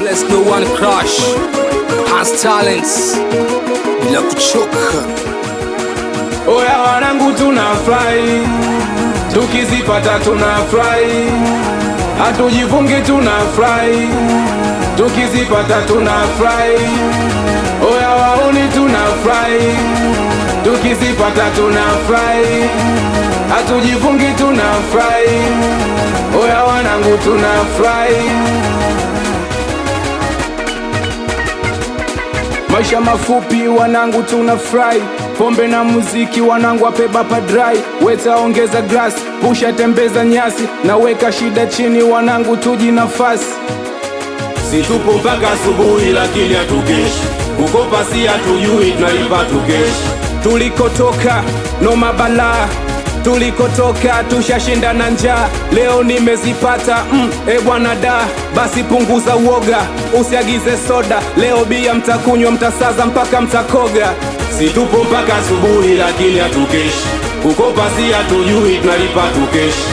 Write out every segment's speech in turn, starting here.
bless no one crush has talents bila kuchoka. Oya wanangu, fly tukizipata, tunafurahi hatujifungi, fly tukizipata, tunafurahi oya tuna fly tukizipata, tunafurahi hatujifungi, tunafurahi oya wanangu, tuna fly Maisha mafupi wanangu, tunafurahi pombe na muziki wanangu, wapeba dry weta, ongeza grasi, pusha, tembeza nyasi na weka shida chini wanangu, tuji nafasi. Situpo mpaka asubuhi, lakini hatukeshi kukopa, si hatujui tunaipa tukeshi, tulikotoka no tulikotoka tushashinda na njaa, leo nimezipata. Mm, e bwana da, basi punguza uoga, usiagize soda leo, bia mtakunywa, mtasaza mpaka mtakoga. Situpo mpaka asubuhi, lakini hatukeshi, kukopa si hatujui, tunalipa tukeshi.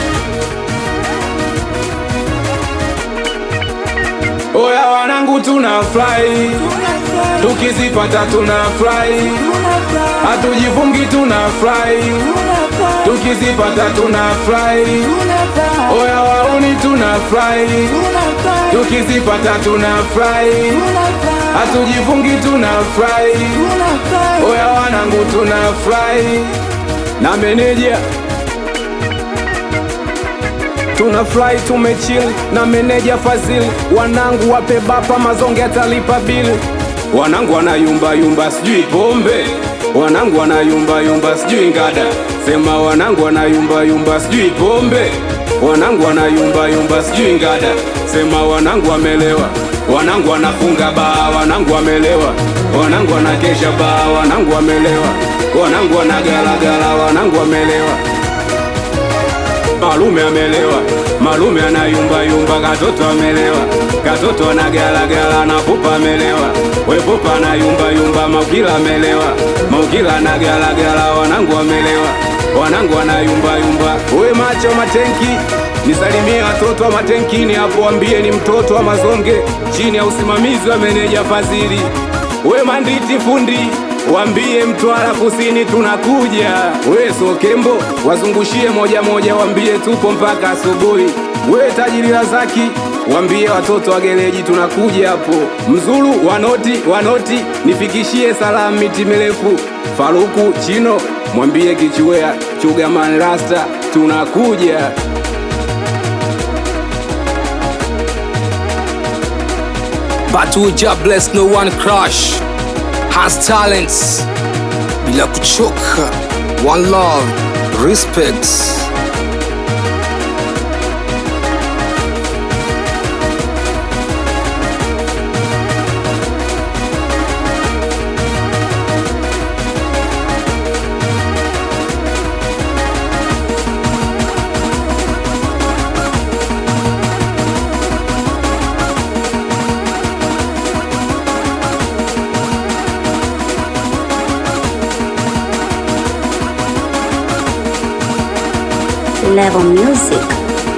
Oya wanangu, tunafurahi tukizipata, tunafurahi hatujifungi, tunafurahi tukizipata fly oya wauni tuna fly tukizipata tuna tunafurahi, hatujifungi fly oya wanangu tuna fly na meneja tunafurahi tumechili na meneja Fazili, wanangu wape bapa mazonge atalipa bili, wanangu wanayumbayumba sijui pombe wanangu wanayumbayumba sijui ngada, sema wanangu wanayumbayumba sijui pombe, wanangu wanayumbayumba sijui ngada, sema wanangu wamelewa, wanangu wanafunga baa, wanangu wamelewa, wanangu wanakesha baa, wanangu wamelewa, wanangu wanagalagala, wanangu wamelewa, malume amelewa malume anayumba yumba, katoto amelewa, katoto anagalagala na pupa amelewa, wepupa na yumba, maukila amelewa, maukila anagalagala, wanangu wamelewa, wanangu wanayumba yumba. we macho matenki, nisalimie watoto wa matenkini hapo, wambie ni mtoto wa mazonge chini ya usimamizi wa meneja Fadhili. We manditi fundi Wambie Mtwara Kusini tunakuja. We Sokembo, wazungushie moja moja, wambie tupo mpaka asubuhi. We tajiri Razaki, wambie watoto wa gereji tunakuja hapo. Mzulu wanoti wanoti, nifikishie salamu miti mirefu. Faruku Chino, mwambie Kichwea Chugaman Rasta tunakuja. Batu bless no one crush Enhanced talents. Bila kuchoka. One love. Respect. Level Music.